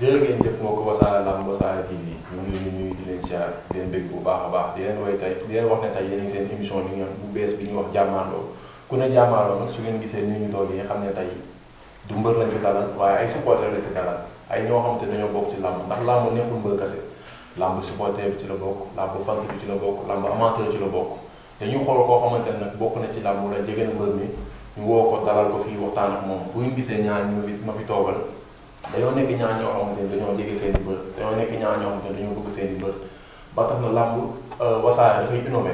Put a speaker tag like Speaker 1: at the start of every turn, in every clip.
Speaker 1: jërë ngeen jëf moo ko Wassare Lamb Wassare TV ñu ngi leen di nuyu di leen siyaar leen bëgg bu baax a baax di leen woy tey di leen wax ne tey yéen a ngi seen émission yi ñu bu bees bi ñuy wax jàmmaarloo ku ne jàmmaarloo nag su ngeen gisee ni ñu toog yi xam ne tey du mbër lañ fi dalal waaye ay supporter lañ fi dalal ay ñoo xam te dañoo bokk ci làmb ndax làmb nekkul mbër la bokk làmb fans bi ci la bokk làmb amateur ci la bokk dañuy xool koo xamante ne nag bokk na ci làmb wala jege na mi ñu woo ko fii waxtaan ak bu gisee ñaar ñu ma fi dañoo nekk ñaar ñoo xamante ni dañoo jege seen i bër dañoo nekk ñaar ñoo xamante ni dañoo na làmb euh, wasaare dafay innové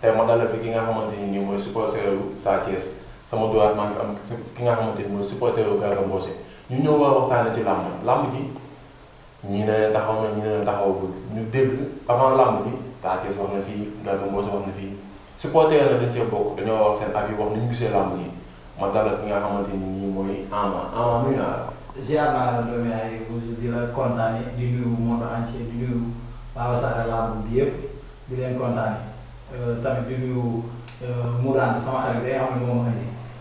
Speaker 1: tey ma fi ki nga xamante ni nii mooy supporteru Sa Thiès sama doyaat maa ngi am ki nga xamante ni mooy supporteru Garga Mbossé ñu ñëw war a waxtaane ci làmb làmb ji ñii ne leen taxaw na ñu dégg avant làmb ji Sa Thiès wax na fii Garga Mbossé wax na fii supporter na dañ cee bokk dañoo wax seen avis wax ni ñu gisee làmb ji ma dalal ki nga xamante ni nii mooy Ama Ama
Speaker 2: ziar naa la doomi ay di la kontaane di nuyu monde di nuyu waa Wassare Lamb bi yëpp di leen kontaane euh, tamit di nuyu euh, Mourane sama xarit euh, bi nga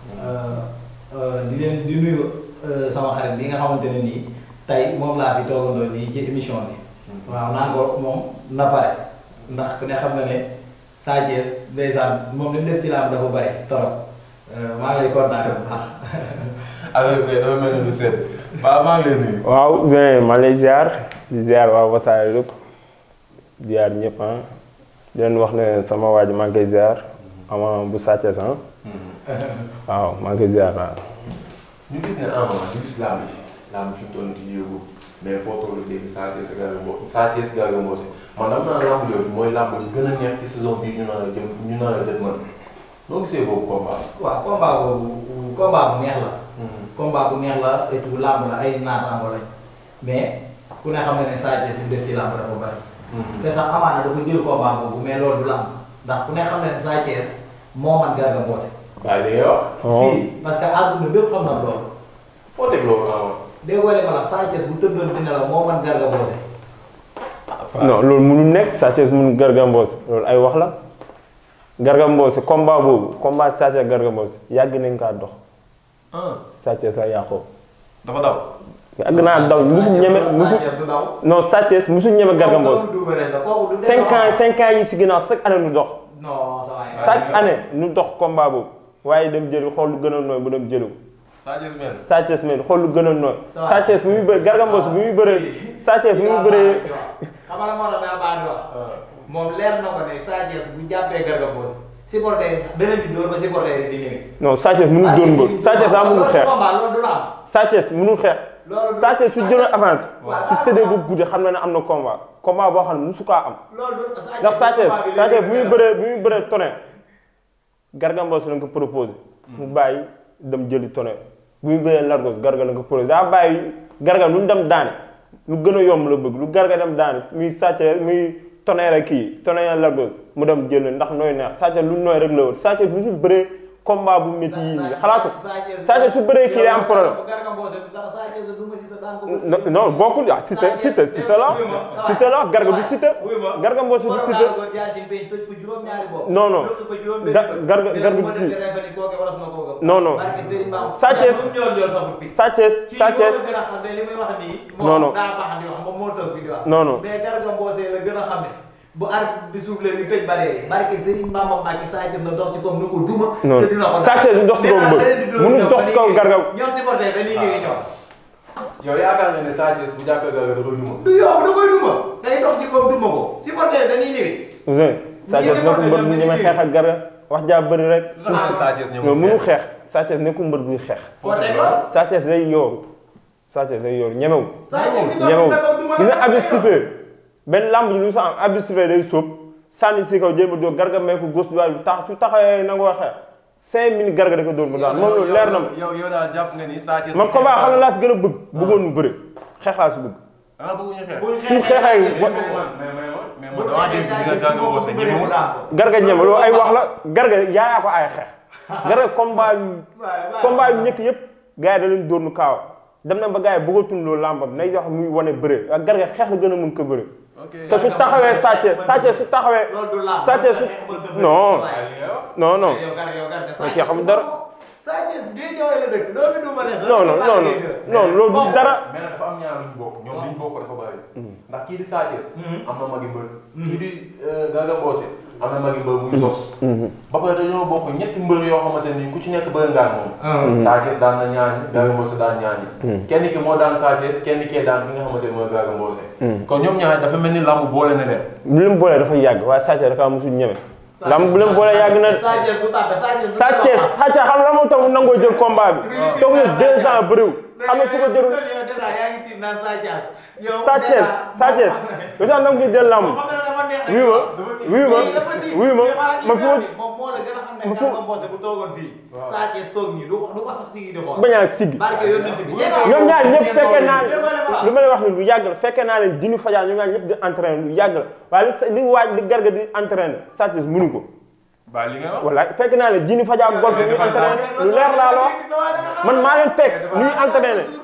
Speaker 2: xam ne moom la di nga xamante ne nii tey moom laa fi toogandoo nii ci émission bi. Mm-hmm. waaw naa ko moom na pare ndax ku ne xam na ne Sa Thiès
Speaker 1: ndeysaan moom li mu def bare torop maa ngi lay kontaane bi dama waaw maa ngi
Speaker 3: lay nuyu. ziar ziar waa Wassare lépp ziar ñëpp ah di wax sama waa ji maa ngi koy ziar ama bu sàccee sax ah. mm-hmm. waaw maa ziar waaw.
Speaker 1: ñu gis ne Ama ñu gis fi mu toll di yëngu mais foo toll dégg Sa Thiès Garga Mbossé Sa Thiès Garga Mbossé man mooy làmb yi gën a neex ci saison bii ñu naan la jëm ñu naan la jëm man noo gisee boobu combat.
Speaker 2: waaw combat boobu combat bu neex la. combat bu neex la et tout làmb la ay naataango lañ mais ku ne xam ne ne Sa Thiès def ci làmb dafa bari. Mm-hmm. te sax amaana dafa jël combat boobu mais loolu làmb ndax ku ne xam ne ne Sa moo man Garga Mbossé. waaw li nga wax. Oh. que àdduna la Sa bu tëddoon dina moo man Garga Mbossé.
Speaker 3: loolu mënul nekk Sa Thiès mënul loolu ay wax la Garga Mbossé combat boobu combat Sa Thiès yàgg nañ kaa dox. Sa Thiès dafa daw. àgg naa daw musu ñeme musu non Sa Thiès musu ñeme Garga Mbossé. cinq ans cinq ans yi si ginnaaw chaque année nu dox. chaque année nu dox combat boobu waaye dem jëli xool lu gëna a nooy bu dem jëli ko. Sa xool lu gën a nooy. Sa Thiès bu muy bëree Garga bu muy bëree. Sa Thiès bu muy bëree.
Speaker 2: supporter yi sax beneen bi dóor ba supporter yi
Speaker 3: Sa Thiès mënul doon góor ah, Sa Thiès daa mënul su jëloon avance. su tëddee ba guddi xam na ne am na combat combat boo xam ne musu kaa am. ndax Sa Thiès Sa Thiès bu ñu bëree bu ñu bëree tonné. Garga Mbossé ko proposé. Hmm. mu bàyyi dem jëli tonné bu ñu bëree largos Garga lañ ko proposé daa bàyyi Garga lu mu dem daane lu gën a yomb la bëgg lu Garga dam daane muy Sa muy. Tonnerre kii Tonnerre Lac Rose mu dem jël ndax nooy neex Sa lu nooy rek la woon Sa Thiès musul bëree combat bu métti yii nii xalaatu
Speaker 2: Sadio su bëree kii am problème non bokkul ah Siteu Siteu Siteu la Garga du Siteu Garga Mbossé du Siteu non non Garga Garga du kii non non Sathies Sathies Sathies bu arbitre bi soufflé ñu tëj barrière yi barke Serigne Bamba
Speaker 1: Mbacke Sa Thiès la dox ci kaw nu ko duma. te dina ko Sa Thiès dox ci kaw bëgg mënu dox ci kaw gargaw. ñoom supporter ba nii liggéey ñoom. yow yaakaar nga ne Sa Thiès bu jàppee gargaw da koy duma. du yow da koy
Speaker 2: duma day dox ci kaw duma ko supporter dañuy liggéey.
Speaker 1: Sa Thiès nekkul mbër bu ñemee xeex
Speaker 3: ak gargaw wax jaa bëri rek. suuf Sa
Speaker 2: Thiès
Speaker 1: ñoom mënu
Speaker 3: xeex Sa Thiès nekkul mbër buy xeex. Sa Thiès day yoor Sa Thiès day yoor ñemewul ñemewul gis nga abis benn lamb ji lu sa am abdi sifflé day si kaw jéem a dóor garga may ko gos bi bu tax su taxawee nangoo xeex cinq minutes garga da ko dóor mu daan moom loolu leer na ma
Speaker 1: yow yow daal jàpp nga ni man combat xam nga
Speaker 3: laa si gën a bëgg ah. bëggoon mu bëre xeex laa si bëgg
Speaker 1: ah xeexee garga ñeme loolu ay wax
Speaker 3: la garga yaayaa ay xeex garga combat combat yëpp gars da leen dóor nu kaaw dem na ba gars yi bëggatul loolu làmbam nay wax muy wane bëre garga xeex la gën a mën ko bëre
Speaker 2: te su taxawee
Speaker 3: sàcce sàcce su taxawee.
Speaker 2: sàcce su non
Speaker 1: non non. kii xam dara. non non non non loolu du dara. mais nag dafa di sàcce. am na magi mbër buy sos. Mm-hmm. Mm-hmm. ba pare dañoo yoo xamante ni ku ci nekk bëri ngaa moom. Ah. Mm-hmm. Sa Thiès daan na ñaani kenn ki moo daan Sa kenn kee daan ki nga xamante ni mooy Garga Mbossé. kon ñoom ñaar dafa mel ni làmb boole na leen.
Speaker 3: bu leen boole dafa yàgg waaye Sa Thiès dafa am su ñeme. lamb bu leen boole yàgg na. Sa
Speaker 2: Thiès bu tàppe Sa Thiès. Sa Thiès
Speaker 3: xam nga Sa
Speaker 2: Thiès Sa
Speaker 3: Thiès lu tax
Speaker 2: wuy ma wuy ma wuy ma man fu ma fu bañ a sigg ñoom ñaar ñëpp fekke naa lu ma lay wax
Speaker 3: ni lu yàgg la fekke naa leen dinu fajaa ñoom ñaar ñëpp di entraîné lu yàgg la waaye li waaj li garga di entraîné Sathies mënu ko waaw li nga wax walaay fekk naa leen dinu fajaa golf ñuy entraîné lu leer laa la wax man maa leen fekk ñuy entraîné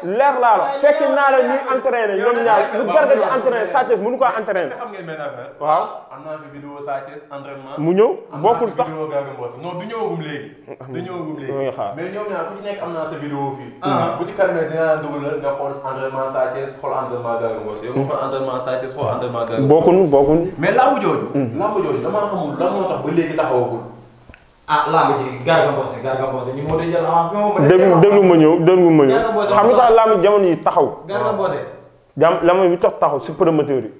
Speaker 3: leer laa la fekk naa la ñuy entraîné ñoom ñaar lu Garga di entraîné Sa Thiès mënu ko a
Speaker 1: waaw. am naa fi mu ñëw bokkul sax non du mais ñoom ñaar ku ci nekk am naa sa vidéo fii. Mm-hmm. Ah, bu ci kanamee Sa Thiès xool entraînement Garga Mbossé. Mm-hmm. tax ba léegi ah làmb ji Garga Mbossé Garga Mbossé ñu moo doon jël avance bi. déglu
Speaker 3: déglu ma ñëw déglu ma ñëw. xam nga sax làmb jamono yi taxaw. Garga Mbossé. jam làmb bi tax taxaw si promoteur yi.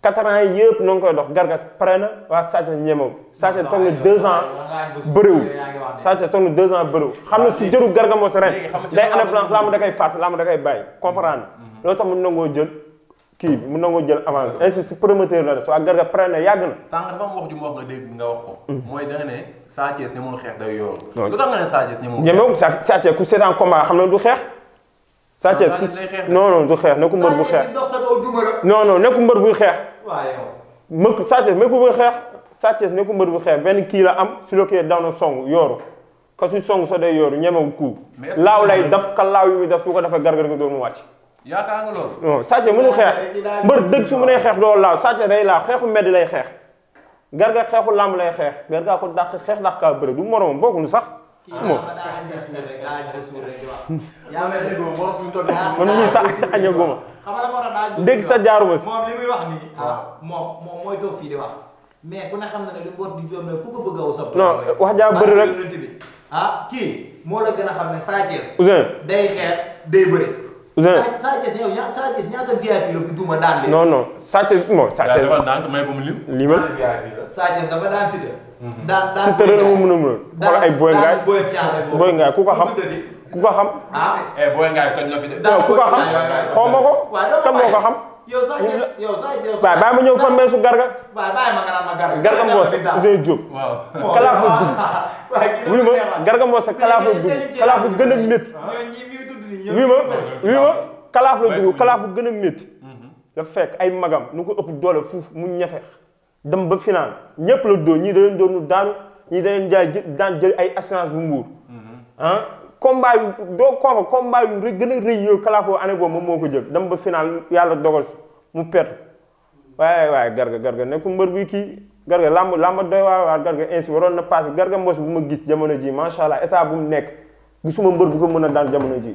Speaker 3: quatre ans yi yëpp noo ngi koy dox Garga pare na waa Sadio ñemewu. Sadio toog na deux ans bëriwul Sadio toog na deux ans bëriwul. xam na su jëru Garga Mbossé ren. day année blanche làmb da koy fàtt làmb da koy bàyyi comprendre. Mhm. loolu tax mu nangoo jël. kii bi mu nangoo jël avance inspecteur promoteur la des waa Garga pare na yàgg na.
Speaker 1: sànq dafa am wax ju mu wax nga dégg nga wax ko. Mhm. mooy da nga ne Sa Thiès ñemewul xeex day yoon. lu tax nga
Speaker 3: Sa Sa Thiès ku seetaan combat xam na du xeex. Sa Thiès non non du nekku mbër bu xeex. non non nekku mbër buy xeex.
Speaker 2: waaw
Speaker 3: Sa Thiès nekku buy xeex. Sa Thiès nekku mbër bu xeex benn kii la am su la kii daw na song yooru sa day yooru ñemewul kuu. laaw lay daf ka laaw yu muy def su ko defee gargar nga doon wàcc.
Speaker 1: yaakaar Sa Thiès xeex
Speaker 3: su mënee xeex doo laaw Sa Thiès day laaw xeexu mbedd lay xeex garga xeexu làmb lay xeex garga ko dàq xeex dàq kaa bëre du moromam bokkul sax. moom
Speaker 2: man mii sax añaguma dégg sa jaaruma si. moom li muy ah, wax mais ku ne xam na ne li mu war a joom ku ko bëgg a wusaw. non
Speaker 3: wax jaa bëri rek
Speaker 2: ah a Sa Thiès. Ousseyn
Speaker 3: non
Speaker 1: non Sadio non Sadio. dafa daan may ko
Speaker 3: si tërël mu mën a mën a. xool ay Boy Ngaay Boy Ngaay ku ko xam. ku ko xam.
Speaker 1: ko xam xaw ma ko. kan moo ko xam.
Speaker 2: yow meesu Garga. Garga. Garga Mbossé Ousseyn
Speaker 3: Diop. kalaafu
Speaker 2: dugg. wuyu ma Garga Mbossé kalaafu gën a métti. wii ma wii ma
Speaker 3: kalaaf la dugg kalaaf bu gën a métti la mhm. fekk ay magam nu ko ëpp doole fuuf mu ñafe dem ba final ñëpp la dóor ñii da leen doon daanu ñii da leen jaay daan jël ay assurance bu mbuur mhm. ah combat yu doo kooka combat yu rek gën a rëy yooyu kalaafoo année boobu moom moo ko jël dem ba final yàlla dogal si mu perte waaye waaye garga garga nekku mbër bi kii garga làmb làmb doy waa waa garga ainsi waroon na paase garga mbos bu ma gis jamono ji macha allah état bu mu nekk gisuma mbër bu ko mën a daan jamono ji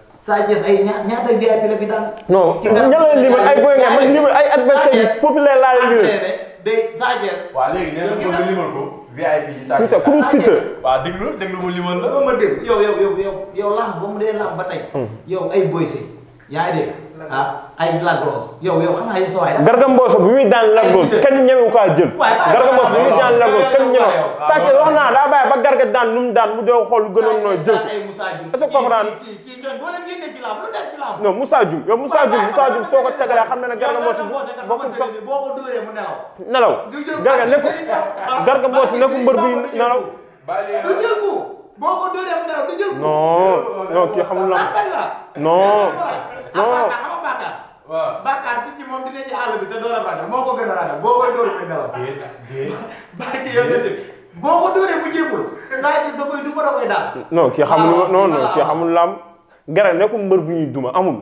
Speaker 2: Sa Thiès ay ña ñaata VIP la fi daan. non
Speaker 3: ay boy nga man limal ay adversaires populaire laa leen limal.
Speaker 1: de Sa Thiès. waaw
Speaker 2: ku dul Siteu. waaw déglu déglu ma limal la ma dégg. yow yow yow yow yow lamb ba mu dee ba tey. Hmm. yow ay boy si yaa dégg. ah ay Lagros yow yow xam nga yow sa waay
Speaker 3: bu muy daan Lagros kenn ñemewu kaa jël. Garga Mbossé bu muy daan Lagros kenn ñemewu. saa ci naa daa bàyyi ba Garga daan nu mu daan mu doon xool gënoon nooy jël est-ce que comprendre non Moussa Dioum yow Moussa Dioum Moussa Dioum soo ko tegalee ne Garga Mbossé bokkul sax nelaw Garga nekku Garga Mbossé nekku mbër bi
Speaker 2: la wax bàkkaar. waaw bàkkaar bi ci moom dina ci àll bi te dooram ragal moo ko gën a bu jéemul saa yi kii xamul non non kii
Speaker 3: xamul ah, laam bu ñuy duma amul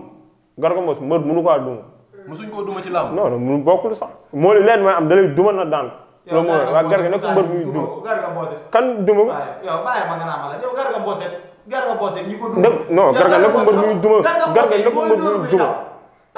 Speaker 3: Garga Mbossé mbër mënu ko duma.
Speaker 1: koo duma ci laam. non
Speaker 3: non moo li leen mooy am dalay duma na Garga nekk mbër muy duma
Speaker 2: kan duma Garga Mbossé Garga Mbossé ñi ko duma. Garga nekk mbër muy duma Garga duma.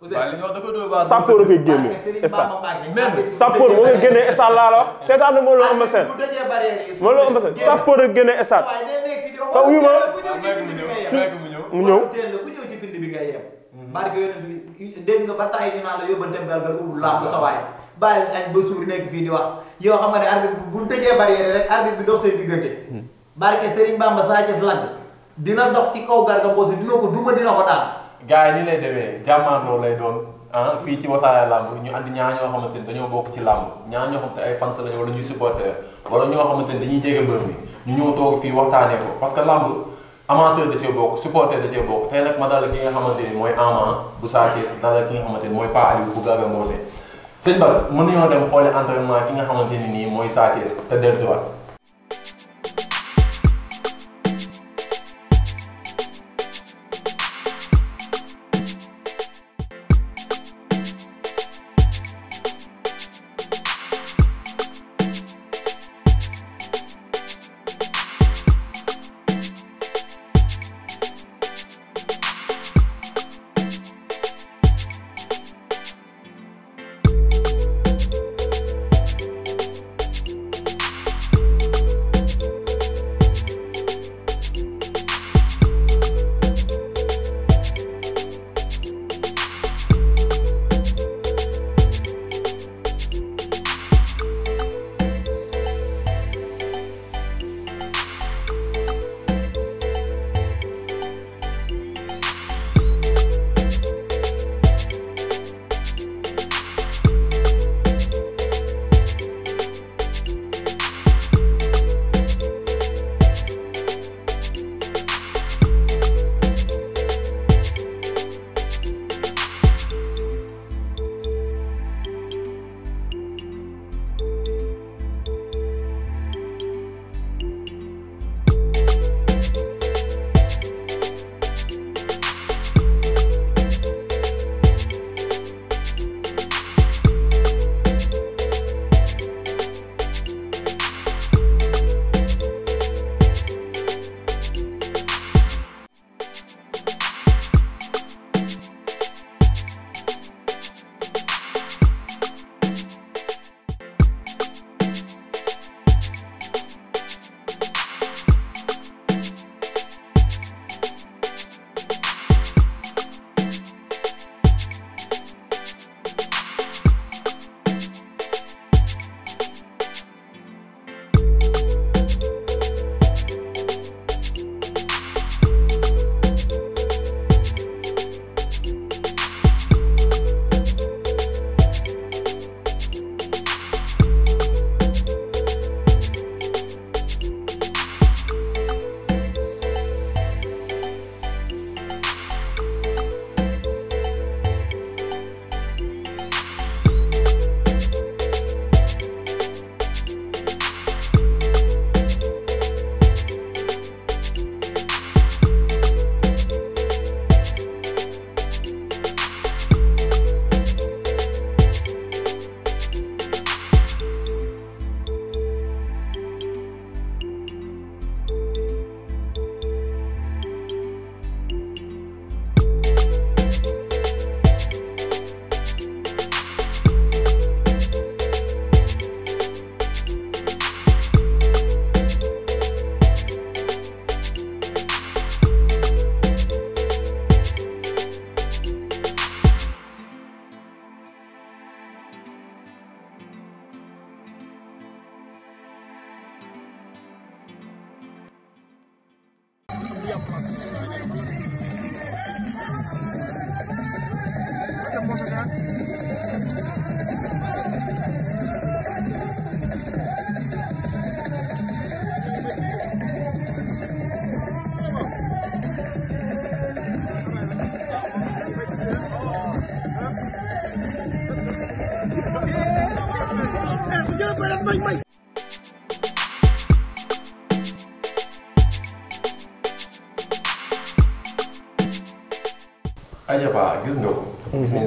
Speaker 1: sappoor a koy génne instant sappoor moo koy génne
Speaker 3: instant laa la wax seetaan moo loo am seen
Speaker 2: moo loo am seen sappoor a génne instant te wuyu ma mu ñëw barke yooyu dégg nga ba taay ñu naan la yóbbante mbal ba ubbi laa sa waay bàyyi añ ba suur nekk fii di wax yow xam nga ne arbitre bu ñu tëjee barrière rek
Speaker 1: arbitre bi dox seen diggante hmm. barke Serigne Bamba Sa Thiès Lac dina dox ci kaw Garga Mbossé dina ko duma dina ko daal gars yi ni lay demee jàmmaarloo lay doon ah fii ci wasaare làmb ñu andi ñaar ñoo xamante ni dañoo bokk ci làmb ñaar ñoo xamante ay fans lañu wala ñuy supporter wala ñoo xamante ni dañuy jege mbër toog fii waxtaanee ko parce que làmb amateur da cee bokk supporter da cee bokk tey nag ma dalal ki nga xamante ni mooy Ama bu Sa ki nga xamante ni mooy Pa Aliou bu Garga Mbossé sëñ Bas mën nañoo dem xoole entraînement ki nga xamante ni nii mooy Sa Thiès te dellusiwaat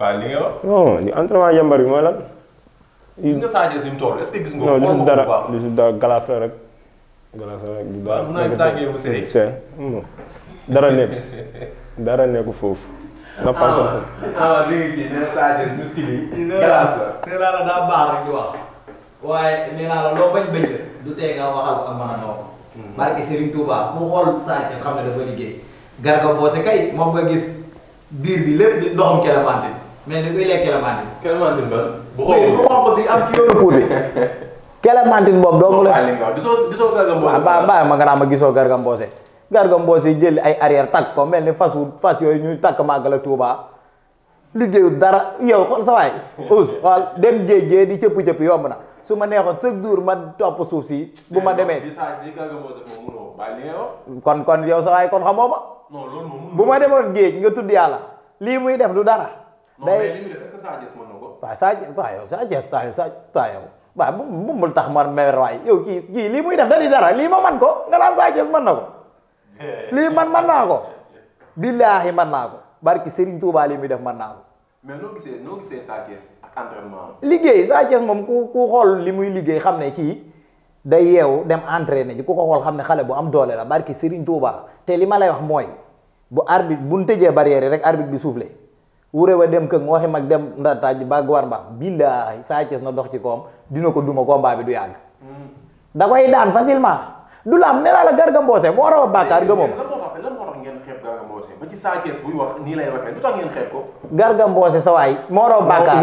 Speaker 1: waaw li nga wax.
Speaker 3: non entraînement yambar bi mooy lan. lu si dara glace la rek.
Speaker 1: glace la rek du hmm.
Speaker 3: dara. waaw foofu. na ah,
Speaker 1: ah, na Sadio muskili la.
Speaker 2: loo bañ bañ la. du tee nga waxal ko am maanaam. barke Serigne Touba mu xool Sadio xam ne dafa liggéey. Garga Mbossé kay moom nga gis biir bi lépp di ndoxam kenn mais ni kuy lekk kelemantine. kelemantine ba ba ma ma gisoo Garga Mbossé. Garga Mbossé jël ay arrière takk ko mel ni fas wu fas yooyu ñuy takk màggala Touba. liggéeyul dara yow xool sa us dem géej géej di cëpp cëpp yomb na. su ma neexoon chaque jour ma topp suuf si bu ma demee. kon kon yow sa waay kon xamoo bu ma demoon géej nga tudd yàlla lii muy def du dara.
Speaker 1: mais li mu def est-ce Sa Thiès
Speaker 2: mën Sa Thiès waaw bu mu tax man mer waay yow kii kii lii muy def da dara lii ma man ko nga naan Sa Thiès na ko. lii man man naa ko. billaahi man naa ko barki Serigne Touba lii muy def man naa ko. mais liggéey Sa Thiès moom ku ku xool li muy liggéey xam ne kii day yeewu dem entraîné ji ku ko xool xam ne xale bu am doole la barki Serigne Touba te li ma lay wax mooy bu arbitre bu ñu tëjee barrière rek arbitre bi soufflé. wurewa dem kër ngooxi mag dem ndataaj ba gwar mbaam billaahi Sa Thiès na dox ci koom dina ko duma combat bi du yàgg mm. da koy daan facilement du la am nee naa la Garga Mbossé moo a bàkkaar gëmoo
Speaker 1: ma ba ci Sa Thiès buy wax nii lay ko
Speaker 2: Garga sa waay moo raw bàkkaar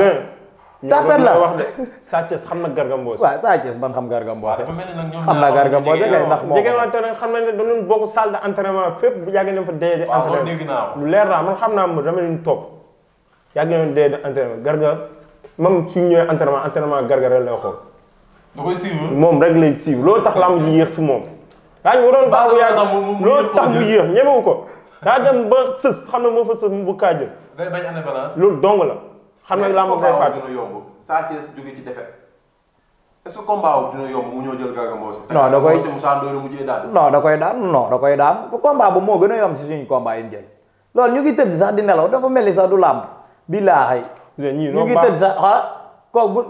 Speaker 2: tapet la wax
Speaker 1: de Sa Thiès
Speaker 2: na Garga Mbossé Sa Thiès ban xam Garga Mbossé ah, xam na Garga Mbossé kay ndax moo jegewante
Speaker 3: na xam nañ ne dañu bokk ah, leer naa man xam naa mu dama yàgg nañu dee entraînement garga même su ñëwee entraînement entraînement garga rek lay da koy suivre moom rek lay loolu tax làmb ji yéex si moom. daa ñu waroon baax bu yàgg loolu mu yéex ñemewu ko. daa dem ba xam ne moo fa sës mu bu kaa jël.
Speaker 1: day bañ année la. xam ne làmb day yomb ci jóge ci défaite est-ce que combat dina yomb mu ñëw jël Garga Mbossé. non da koy Moussa Ndoye mujjee da
Speaker 2: koy daan non da koy daan combat bu moo gën a yomb si suñu combat yi ñu jël loolu ñu ngi tëdd sax di nelaw dafa mel ni sa du làmb billaahi ñu ngi tëdd sax ah kooku bu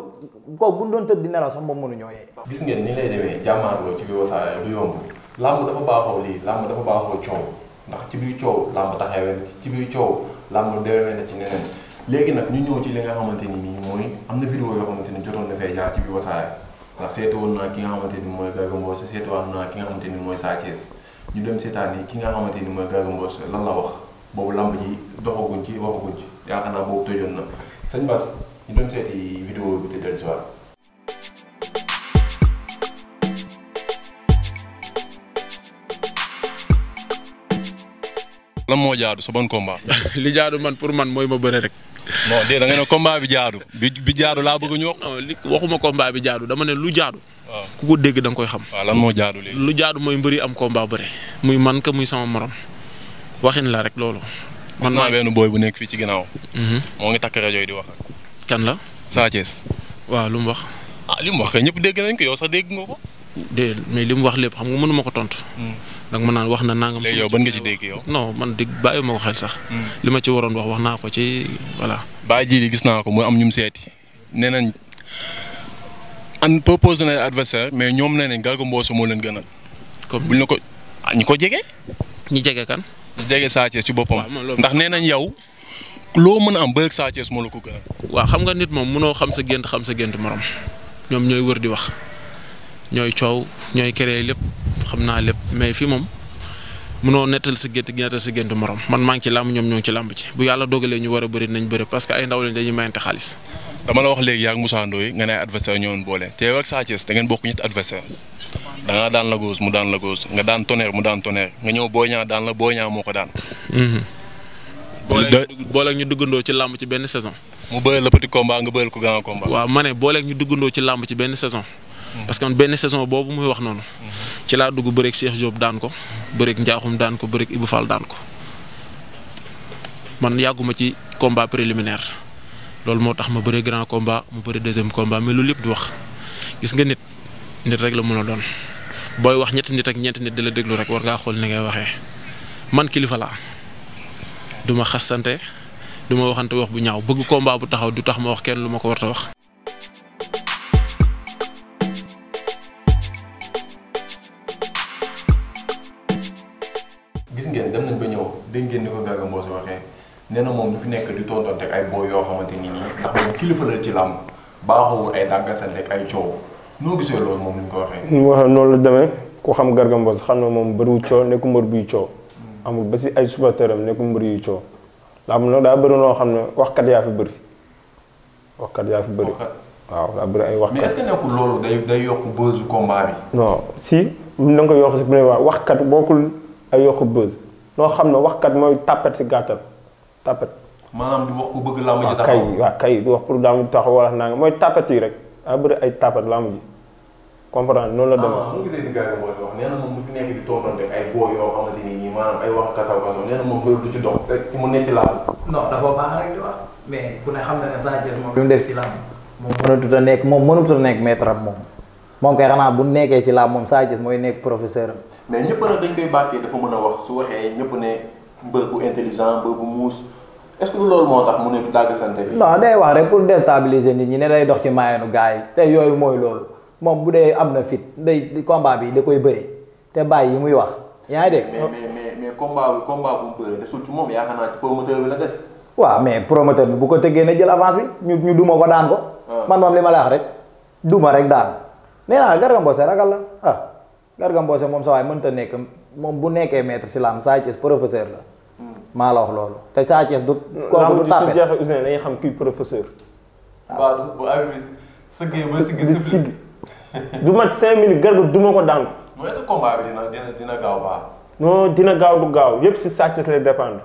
Speaker 2: kooku doon tëdd di nelaw sax moom mënu ñoo yee
Speaker 1: gis ngeen ni lay demee jàmmaarloo ci biir Wassare du yomb làmb dafa baaxoo lii làmb dafa baaxoo coow ndax ci biir coow làmb taxawee ci biir coow làmb deewee na ci neneen léegi nag ñu ñëw ci li nga xamante ni nii mooy am na vidéo yoo xamante ni jotoon na fee jaar ci biir Wassare ndax seetu woon naa ki nga xamante ni mooy Garga Mbossé seetu naa ki nga xamante ni mooy Sa Thiès ñu dem ki nga xamante ni mooy Garga Mbossé lan la wax boobu làmb ji ci waxaguñ ci yaakaar naa lan moo jaadu sa bon combat. li jaadu man pour man mooy ma bëre rek. non dé da nga combat bi jaadu. bi bi jaadu laa bëgg ñu wax. li waxuma combat bi jaadu dama ne lu jaadu. waaw ku ko dégg da koy xam. lan moo jaadu lu jaadu mooy mbëri am combat bëre. muy man ka muy sama moroom waxin la rek loolu. man naa benn booy bu nekk fii ci ginnaaw. Mhm. moo ngi takk rajoy di wax ak. kan la. Sa Thiès. waaw lu mu wax. ah li mu wax kay ñëpp dégg nañ ko yow sax dégg nga ko. déedéet mais li mu wax lépp xam nga mënu ma ko tontu. Hmm. da nga naan wax na nangam. léegi ban nga ci dégg yow. non man di bàyyi ma ko xel sax. Hmm. li ma ci waroon wax wax naa ko ci voilà. bàyyi ji li gis naa ko mu am ñum seeti nee nañ an proposé na adversaire mais ñoom nee nañ Garga Mbossé moo leen gënal. comme buñ la ko ah ñu ko jege. ñi jege kan. jege Sa Thiès ci boppam. ndax nee nañ yow loo mën a am bëgg Sa Thiès moo la ko gën waa xam nga nit moom mënoo xam sa gént xam sa gént morom ñoom ñooy wër di wax ñooy coow ñooy créé lépp xam naa lépp mais fii moom mënoo nettal sa gént nettal sa gént morom man maa ngi ci làmb ñoom ñoo ngi ci làmb ci bu yàlla dogalee ñu war a bëri nañ bëri parce que ay ndaw lañ dañuy mayante xaalis dama la wax léegi yaa ngi Moussa Ndoye nga ne ay adversaire ñëwoon boole te yow ak Sa Thiès bokk ñetti adversaire da daan la góos mu daan la góos nga daan tonnerre mu daan tonnerre nga ñëw Boy Niang daan la Boy Niang moo ko daan. booleeg ñu duggandoo ci làmb ci benn saison. mu bëyal la petit combat nga bëyal ko grand combat. waaw ma ne booleeg ñu duggandoo ci làmb ci benn saison. Hmm. parce que benn saison boobu muy wax noonu. Hmm. ci laa dugg bëreeg Cheikh Diop daan ko bëreeg Ndiakhoum daan ko bëreeg Ibou Fall daan ko man yàgguma ci combat préliminaire. loolu moo tax ma bëri grand combat mu bëri deuxième combat mais loolu lépp du wax gis nga nit nit rek la mën a doon booy wax ñetti nit ak ñeenti nit di la déglu rek war ngaa xool ni ngay waxee man kilifa laa duma ma xasante du ma waxante wax bu ñaaw bëgg combat bu taxaw du tax ma wax kenn lu ma ko war a wax. nee na moom ñu fi nekk di tontonteeg ay boo yoo xamante ni nii ndax moom kilifa la ci làmb baaxul ay dàggasanteeg ay coow noo gisee loolu moom ni ñu ko waxee.
Speaker 3: noonu la demee ku xam Garga xam na moom bëriwul coow nekku mbër buy coow. Hmm. amul ba si ay supporteram nekku mbër yuy coow. làmb nag daa bëri noo xam ne waxkat yaa fi bëri. waxkat yaa fi bëri. waaw daa bëri ay waxkat mais si na nga ko yokk si bu ne waxkat bokkul ay yokk xam ne waxkat mooy tàppet si gàttal. tapet.
Speaker 1: maanaam di wax ku bëgg làmb ji ah, taxaw waaw
Speaker 3: kay waaw ah, kay di wax pour làmb ji taxaw wala naa nga a bëri ay tapet làmb ji comprendre la demee. ah mu
Speaker 1: gisee di gars yi moo si wax nee na moom bu nekk moom loolu du ci dox moom.
Speaker 2: lu mu a a nekk nekkee ci làmb moom Sa Thiès mooy nekk professeur am.
Speaker 1: mais ñëpp nag dañ koy bàkkee dafa mën a wax su waxee ñëpp ne mbër bu intelligent mbër bu muus est loolu moo tax mu nekk tàgg sante bi non day
Speaker 2: wax rek pour ñi ne day dox ci maayanu gars yi te yooyu mooy loolu moom bu dee am na fit day combat bi da koy bëri te bàyyi yi muy wax
Speaker 1: yaa ngi dégg. mais moom yaakaar naa ci promoteur la des. waaw
Speaker 2: mais promoteur bi bu ko tëggee na jël avance bi ñu ñu duma ko daan ko. Ah. man moom li ma la wax rek duma rek daan nee naa Garga Mbossé ragal la ah Garga Mbossé moom sa waay mënta nekk moom bu nekkee maître si laam Sa Thiès professeur la. maa la wax loolu te Sa Thiès du. kooku du tapé su jeexee Ouzin xam kii professeur.
Speaker 1: waaw bu
Speaker 3: du mat cinq minutes Garga duma ko daan
Speaker 1: ko. est-ce que combat bi dina dina dina gaaw
Speaker 3: baax. gaaw du gaaw yépp si Sa Thiès lay dépendre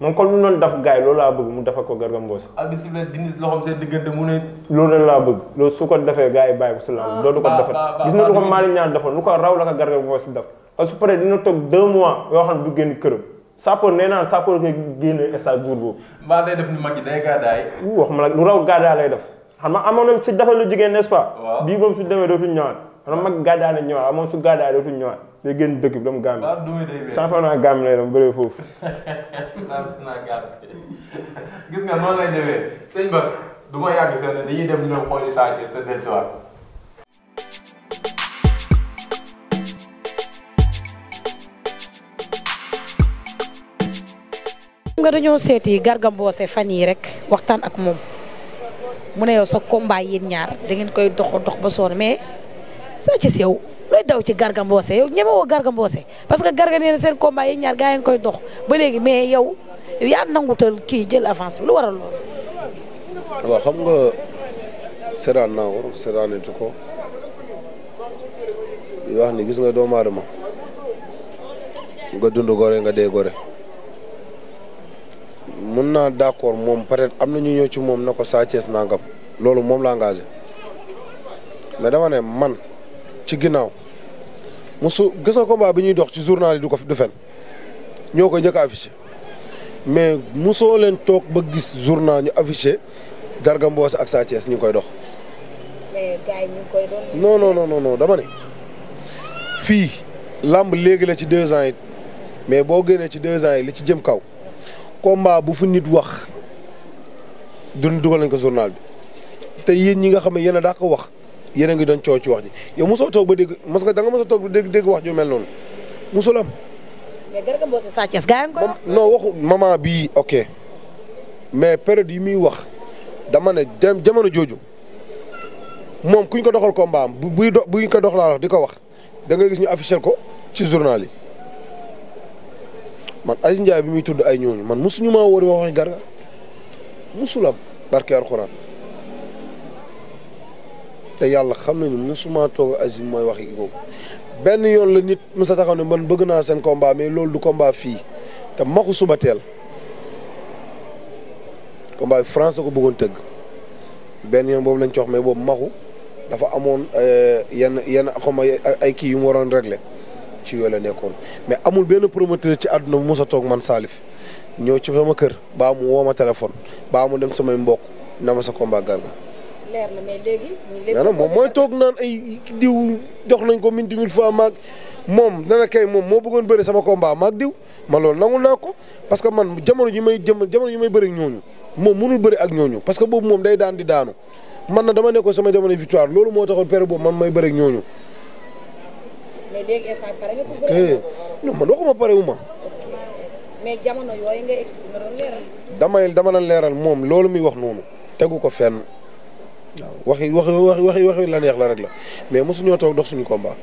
Speaker 3: moom kon lu mu doon daf gars yi loolu laa bëgg mu dafa ko Garga Mbossé.
Speaker 1: ah bisimilah dindi loxoom seen diggante mu ne.
Speaker 3: loolu laa bëgg loolu su ko defee gars yi bàyyi ko si làmb dootu ah, ko defat gis na lu ko Malick Niang defoon lu ko raw la ko Garga Mbossé def. parce que su dina toog deux mois yoo xam ne du génn këram Sapeur nee naa Sapeur nga génne stade jour boobu.
Speaker 1: mbaa day def ni mag yi day gàddaay.
Speaker 3: wax ma la lu raw gàddaa lay def xam nga amoon nañ si dafa lu jigéen n'est-ce pas. waaw bii moom su demee dootuñu ñëwaat xam mag gàddaa lañ ñëwaat amoon su gàddaa dootuñu ñëwaat day génn dëkk bi dama gàmmi. waaw du muy day wéy championnat gàmmi lay bëree foofu.
Speaker 2: nga dañoo seeti Garga Mbossé fan yii rek waxtaan ak moom mu ne yow sa combat yéen ñaar da ngeen koy dox dox ba soon mais sa ci yow looy daw ci Garga Mbossé yow ñeme woo Garga Mbossé parce que Garga nee na seen combat yéen ñaar gaa ngi koy dox ba léegi mais yow yaa nangutal ki jël avance bi
Speaker 4: lu waral loolu. waaw xam nga seetaan naa ko seetaanitu ko di ni gis nga doomu aadama nga dund gore nga dee gore. mun naa d' accord moom peut-être am na ñu ñëw ci moom na ko Sa Thiès nangam loolu moom la engagé mais dama ne man ci ginnaaw musu gis nga combat bi ñuy dox ci journal yi du ko du fen ñoo ko njëkk a affiché mais musoo leen toog ba gis journal ñu affiché Garga ak Sa ñu ngi koy dox. mais gars yi ñu koy dox. non non dama ne fii làmb léegi la ci deux ans yi mais boo génnee ci deux ans yi li ci jëm kaw. combat bu fu nit wax duñ dugal nañ ko journal bi te yéen ñi nga xam ne yéen daa ko wax yéen a ngi doon coow ci wax ji yow mosoo toog ba dégg mos nga da nga a toog ba wax ju mel noonu mosul am.
Speaker 2: mais Garga Mbossé Sa waxu
Speaker 4: maman bi ok mais période yi muy wax dama ne jamono jooju moom kuñ ko doxal combat am bu buy do buñ ko dox laa di ko wax da ngay gis ñu affiché ko ci journal yi. man Aziz Ndiaye bi muy tudd ay ñooñu man mosuñu maa woo di ma waxi Garga mosulam barke alxuraan te yàlla xam nañu mosuma toog Aziz mooy waxi kooku benn yoon la nit mos a taxaw ne man bëgg naa seen combat mais loolu du combat fii te maxu suba teel combat bi France ko bëggoon tëgg benn yoon boobu lañ ci wax mais boobu maxu dafa amoon eh, yenn yenn xaw ma ay kii yu mu waroon réglé ci yooyu la nekkoon mais amul benn promoteur ci àdduna bu mos a toog man Salif ñëw ci sama kër baa mu woo ma téléphone baa mu dem samay mbokk na ma sa combat Garga.
Speaker 3: leer na mais moom mooy
Speaker 4: toog naan ay diw jox nañ ko minti mille fois maag moom dana kay moom moo bëggoon bari sama combat maag diw ma loolu nangul naa ko parce que man jamono yi may jamono yi may bëri ak ñooñu moom mënul bëri ak ñooñu parce que boobu moom day daan di daanu man na dama nekkoon sama jamono victoire loolu moo taxoon période boobu man may bëri ak ñooñu.
Speaker 2: léegi instant pare
Speaker 4: man waxuma pare wu ma. damay dama la leeral moom loolu muy wax noonu tegu ko fenn waaw waxi waxi waxi waxi waxi la neex la rek la mais mosu ñoo toog dox suñu komba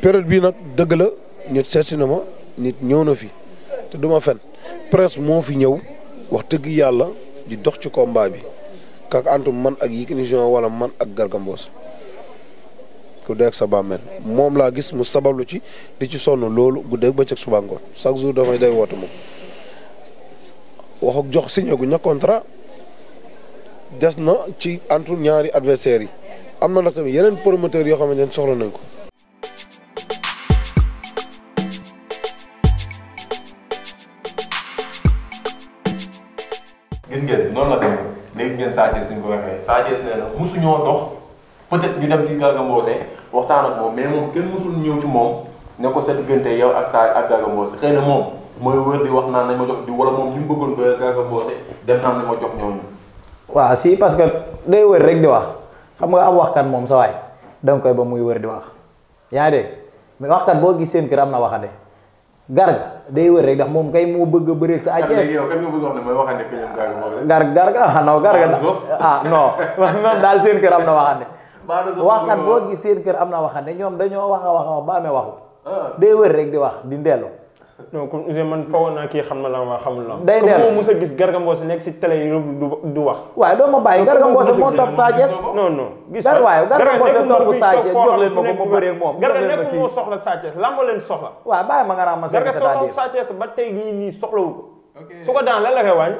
Speaker 4: période bii nag dëgg la nit seet na ma nit ñëw na fi te duma fen presse moo fi ñëw wax dëgg yàlla di dox ci combat bi kak antum man ak Yékini Junior wala man ak gargamboos ku dee ak sa bàmmeel moom laa gis mu sabablu ci di ci sonn loolu guddeeg bëccëg suba ngoon chaque jour dafay day woote moom wax ak jox signé gu ña contrat des na ci entre ñaari adversaires yi am na nag tamit yeneen promoteurs yoo xamante ne soxla nañ ko.
Speaker 1: ni ko waxee Sa Thiès nee na musu ñoo dox. peut-être ñu dem ci Garga Mbossé waxtaan ak moom mais moom kenn mësul ñëw ci moom ne ko sa diggante yow ak saa ak Garga Mbossé xëy na moom mooy wër di wax naa nañ ma jox di wala moom ñu mu bëggoon ba Garga Mbossé dem jox ñooñu.
Speaker 2: waaw si parce que day wër rek di wax xam nga am waxkat moom sa waay da koy ba muy wër di wax yaa ngi dégg mais boo gis seen kër na waxande Garga day wër rek moo bëgg a yow kan
Speaker 1: nga bëgg wax ne mooy waxande que ñoom
Speaker 2: Garga Mbossé. Ah, Garga Garga ah, daal seen kër am na waxande.
Speaker 1: waxkat
Speaker 2: boo gis seen kër am na waxande ñoom dañoo wax a wax a ba amee waxu ah. day wër rek di wax di ndeeloo
Speaker 3: non kon Ouzin man fawoon naa kii xam na la waa xamul la day delloo comme
Speaker 2: mos a gis Garga Mbossé nekk si télé yi wax waaye doo ma bàyyi Garga Mbossé moo topp Sa Thiès non non gis nga waaye Garga Mbossé topp Sa Thiès jox leen ma ko ma bëree moom Garga nekk moo soxla soxla waaw bàyyi ma ma
Speaker 3: Garga soxla Sa Thiès ba tey nii nii soxlawu ko su ko daan la koy wàññi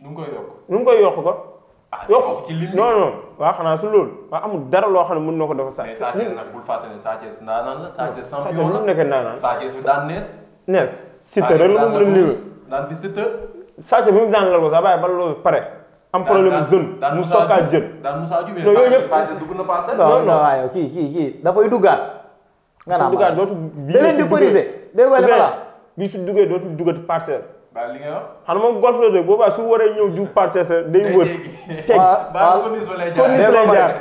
Speaker 3: nu mu koy yokk nu mu koy yokk ko Ah, yokk ci lim non non waaw xanaa su loolu waaw amul dara loo xam ne mën
Speaker 1: na ko dafa saa mais Sa Thiès nag bul fàtte ne Sa la Sa Thiès champion la nekk ndaanaan Sa Thiès bi daan nees
Speaker 3: nees Siteu rek la mu
Speaker 1: Sa Thiès bi mu daan lal ba loolu
Speaker 2: pare
Speaker 3: am problème zone mu sokkaa jël
Speaker 1: daan Moussa Diouf yooyu yëpp Sa Thiès dugg na passé non non
Speaker 2: waaye kii dafay duggaat
Speaker 1: dootu di pariser
Speaker 2: dégg nga
Speaker 3: la bi su duggee dootu duggati parcelle ba li nga wax xam nga moom golf la de boobaa su waree ñëw jub
Speaker 2: parcelle sa day
Speaker 1: wër. teg waaw corniche ba lay jaar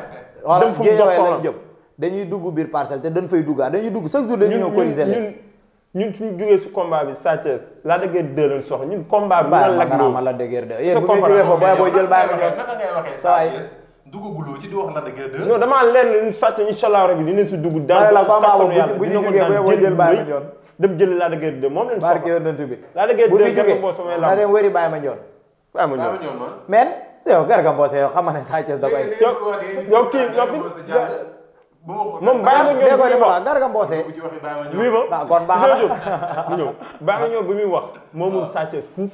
Speaker 1: dem fu mu jox soxla
Speaker 2: jëm dañuy dugg biir parcelle te dañ fay duggaat dañuy dugg chaque jour dañuy ñëw
Speaker 3: si combat bi la dëgër deux lañ soxla ñun combat bi lan la glo la dëgër deux yéen bu ngeen jógee fa booy booy jël bàyyi ma ñëw
Speaker 1: Sa Thiès duggaguloo ci di wax la dëgër deux non damaa
Speaker 3: leen Sa Thiès la combat bu bu ñu jógee booy jël bàyyi dem jëli Lac de
Speaker 2: Guiers 2 moom lañ soxla barke yonent bi Lac de Guiers 2 Garga Mbossé mooy lamb dem wëri Baye Mandione Baye Mandione men yow Garga Mbossé yow xam nga ne Sa Thiès da koy
Speaker 1: yow kii moom Baye Mandione déggoo li ma wax Garga Mbossé wii ma waaw kon baax na
Speaker 3: ñëw Baye Mandione bu muy wax moomul Sa Thiès fuuf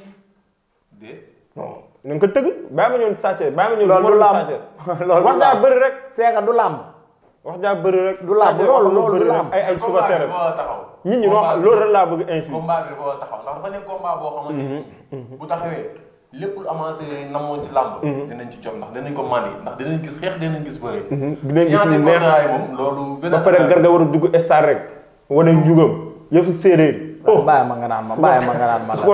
Speaker 3: non na nga ko tëgg Baye Mandione Sa Thiès Baye Mandione loolu du lamb wax daa bëri rek seega du lamb wax jaa bëri rek. du làmb loolu loolu du ay ay suba tere taxaw. nit ñi loolu rek laa bëgg insi. combat
Speaker 1: bi dafa taxaw ndax dafa nekk combat boo xamante mm-hmm. Mm-hmm. bu taxawee lépp lu amateur yi namoon ci làmb. Mm-hmm. dinañ ci jot ndax dinañ ko mandi ndax dinañ gis xeex dinañ gis bëri. dinañ gis ñu neex moom loolu. ba pare Garga war a dugg star
Speaker 3: rek wane njugam yëfu séeréer.
Speaker 2: Oh. bàyyi ma nga naan ma bàyyi ma nga naan ma bàyyi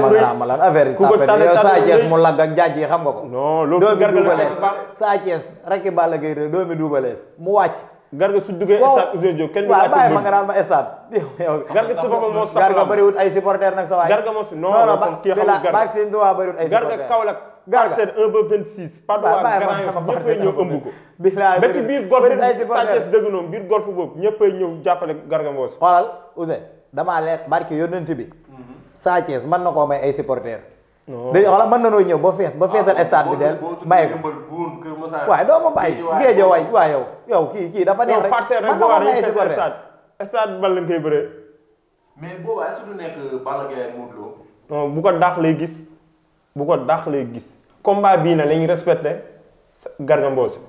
Speaker 2: ma nga naan ma lan affaire yi tapé yow Sa Thiès mu lag ak jaaj yi xam nga ko non loolu doomi duubalees Sa Thiès rakki Balla Gaye de doomi duubalees mu wàcc garga su duggee stade Ousmane Diop kenn waaw bàyyi ma nga naan ma stade garga si boppam moo soxla garga bëriwut ay supporter nag sa waay garga moo si non non comme kii xamul garga baag seen dowa bëriwut ay supporter garga Kaolack garga c'est un ba vingt six padoa grand yo ñëppay ñëw ëmb ko bilaay ba si biir golf Sa Thiès dëgg noonu biir golf boobu ñëppay ñëw jàppale garga mboos xoolal Ousmane damaa leen barke yónnent bi. Mhm. Sa Thiès mën na koo may ay supporters. dañu xoola na nanoo ñëw ba fees ba ah, feesal stade bi dee may ko waaye doo ma bàyyi géej waay waay yow yow kii kii dafa
Speaker 3: neex rek man na may ay supporters
Speaker 2: stade bal lañ koy bëree
Speaker 1: mais boobaa su du nekk bu
Speaker 3: ko daax lay gis bu ko daax lay gis combat bii na lañ respecté Garga Mbossé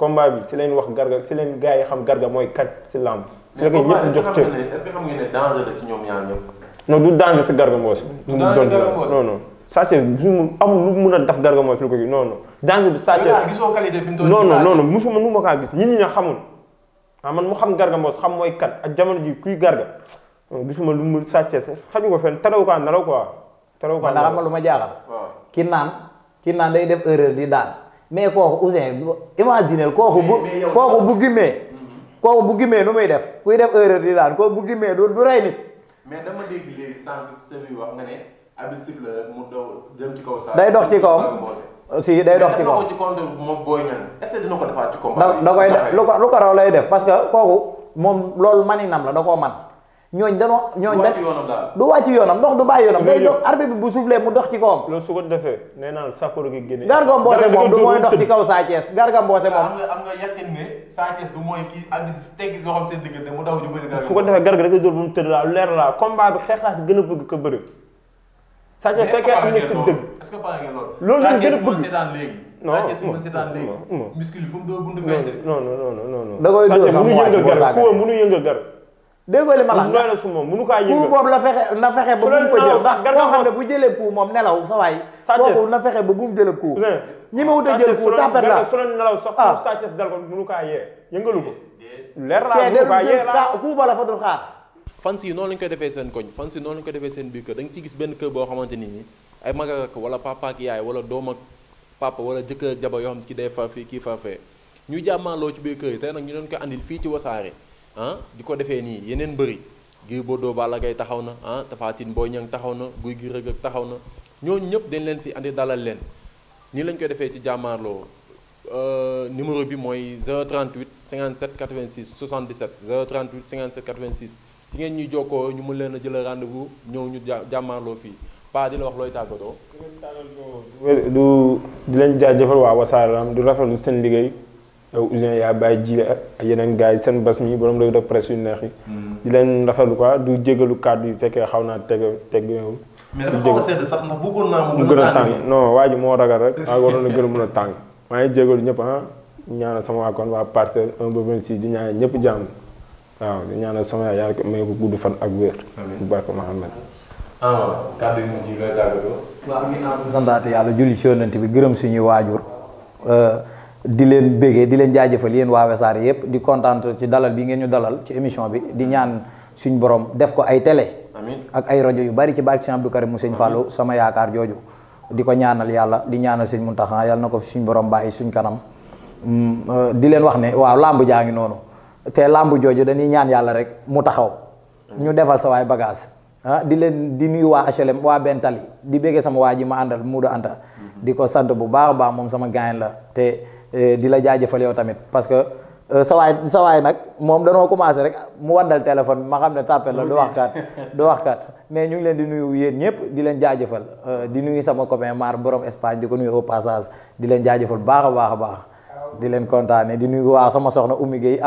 Speaker 3: combat bi ci leen wax Garga si leen gars yi xam Garga mooy kat si làmb su fekkee ñëpp jox cër est-ce que danger si Garga Mbossé. du danger Garga Mbossé non am lu mun a def Garga Mbossé lu ko danger bi Sathiès yow gisoo qualité fi mu toll non non non musuma nu ma kaa gis nit ñi ñoo xamul. ah man mu xam Garga Mbossé xam mooy kat ak jamono ji kuy Garga ma lu
Speaker 2: mu Sathiès xaju ko fenn taraw a naraw quoi. taraw kaa naraw man lu ma jaaxal. ki naan ki naan day def erreur di daan mais koo Ouzin imaginel kooku bu kooku bu gimee hmm. kooku bu gimee nu muy def kuy def erreur di daan kooku bu gimee du du rey nit.
Speaker 1: mais dama dégg léegi sànq sëñ wax nga ne abis la mu jëm ci kaw saa. day dox ci kawam
Speaker 2: si day dox ci kawam.
Speaker 1: ci compte moom Boy Niang est-ce que ko defaat ci combat da lu
Speaker 2: ko raw lay def parce que kooku moom loolu man maninam la da koo man ñooñ danoo ñooñ da du wàcc yoonam ndox du bàyyi yoonam day dox arbitre bi bu soufflé mu dox ci kawam loolu su ko defee nee naan sakoro gi génne Garga mu daw jubali ko defee
Speaker 3: Garga da koy dóor bu mu tëdd laa leer laa combat bi xeex laa si gën a bëgg ko bëri Sa Thiès fekkee am na fi dëgg
Speaker 1: loolu loolu gën a bëgg non non non
Speaker 3: non non non non non non non
Speaker 2: non non non non déggoo li ma la wax moom mënu kaa yëngal boobu la fexe na fexe ba bu mu ko jël ndax koo xam ne bu jëlee coup moom nelaw sa waay kooku na fexe ba bu mu jëlee coup ñi ma wut a jël coup tàppet la su doon nelaw sax pour ah.
Speaker 3: Sa Thiès dal ko mënu kaa yee
Speaker 2: ko ba la fa dul xaar
Speaker 1: fans yi noonu lañ koy defee seen koñ fans yi noonu lañ koy defee seen biir kër da nga ci gis benn kër boo xamante ni ay mag ak wala papa ak yaay wala doom ak papa wala jëkkër ak jabar yoo xam ci day far fii kii far fee ñuy jàmmaarloo ci biir kër yi tey nag ñu leen koy andil fii ci wasaare ah di ko defee nii yeneen mbëri boo Bordeaux Balla Gaye taxaw na ah Tapha Tine Boy Niang taxaw na Gouye Gui Reug taxaw na ñooñu ñëpp dañ leen fii indi dalal leen nii lañ ko defee ci jàmmaarloo euh, numéro bi mooy 038 57 86 77 038 57 86 ci ngeen ñuy jokkoo ñu mu leen a jël rendez-vous ñëw ñu ja jàmmaarloo fii paa di la wax looy tàggatoo.
Speaker 3: du di leen jaajëfal waa Wassare Lamb du rafetlu seen liggéey. yow Ousin yaa bàyyi jiile yeneen gars yi seen bas mi borom def de presse yu neex yi. Mm. di leen rafetlu quoi du jégalu kàddu yi fekkee xaw naa teg teg. mais dafa xaw a sedd
Speaker 1: mu gën a tàng
Speaker 3: non waa ji moo ragal rek waa waroon na gën a mën a tàng maa ngi jégalu ñëpp ah ñaanal sama waa kon waa parcelle 1 ba 26 di ñaanal ñëpp jàmm waaw di ñaanal sama yaay yàlla may ko gudd fan ak wér. amiin
Speaker 2: barke Muhammad
Speaker 1: ah kàddu yi mu ci lay
Speaker 2: yàlla julli ci yonent bi gërëm suñuy waajur euh, di leen bégee di leen jaajëfal yéen waa Wassare yëpp di kontaan ci dalal bi ngeen ñu dalal ci émission bi di ñaan suñ borom def ko ay télé ak ay rajo yu bari ci barke Sëñ Abdou Karim mu Sëñ Fallou sama yaakaar jooju ñaanal yàlla di ñaanal Sëñ Muntaxa yàlla na ko suñ borom bàyyi suñ kanam mm, euh, di leen wax ne waaw làmb jaa ngi noonu te làmb jooju dañuy ñaan yàlla rek mu taxaw ñu defal sa waay bagage ah di leen di nuyu waa HLM waa Bentali di béggee sama waa ji ma àndal Muudu Anta mm-hmm. di ko sant bu baax baax moom sama gaañ la te Eh, di la jaajëfal yow tamit parce que euh, sa waay sa waay nag moom danoo commencé rek mu waddal téléphone bi ma xam ne tàppet la du waxkat du waxkat mais ñu ngi leen di nuy yéen ñëpp di leen jaajëfal euh, di nuyu sama copain Mar baax a baax a di leen kontaane di nuyu waa sama soxna Oumy Gueye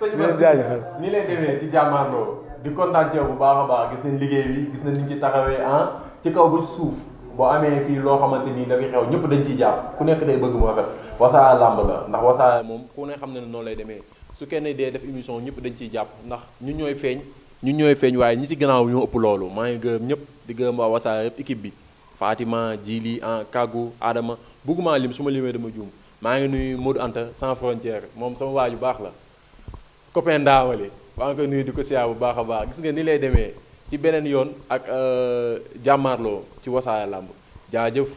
Speaker 4: di leen jaajëfal
Speaker 1: ni leen demee ci jàmmaarloo di kontaan ci yow bu baax a baax gis nañ liggéey bi gis nañ ni ñu ci taxawee ah ci kaw ba ci suuf boo amee fii loo xamante nii dafay xew ñëpp dañ ciy jàpp ku nekk day bëgg mu rafet wasaare làmb la ndax wasaare moom ku ne xam ne noo lay demee su kenn dee def émission ñëpp dañ ciy jàpp ndax ñu ñooy feeñ ñu ñooy feeñ waaye ñu si gannaaw ñoo ëpp loolu maa ngi gërëm ñëpp di gërëm waa wasaare yëpp équipe bi Fatima Djili en ah, Kaggu Adama bëgguma lim suma ma limee dama juum maa ngi nuyu Modou Anta sans frontière moom sama waa ju baax la copain Ndaawali maa ngi di ko siyaa bu baax a baax gis nga ni lay demee ci beneen yoon ak euh, jàmmaarloo ci wasaare làmb jaajëf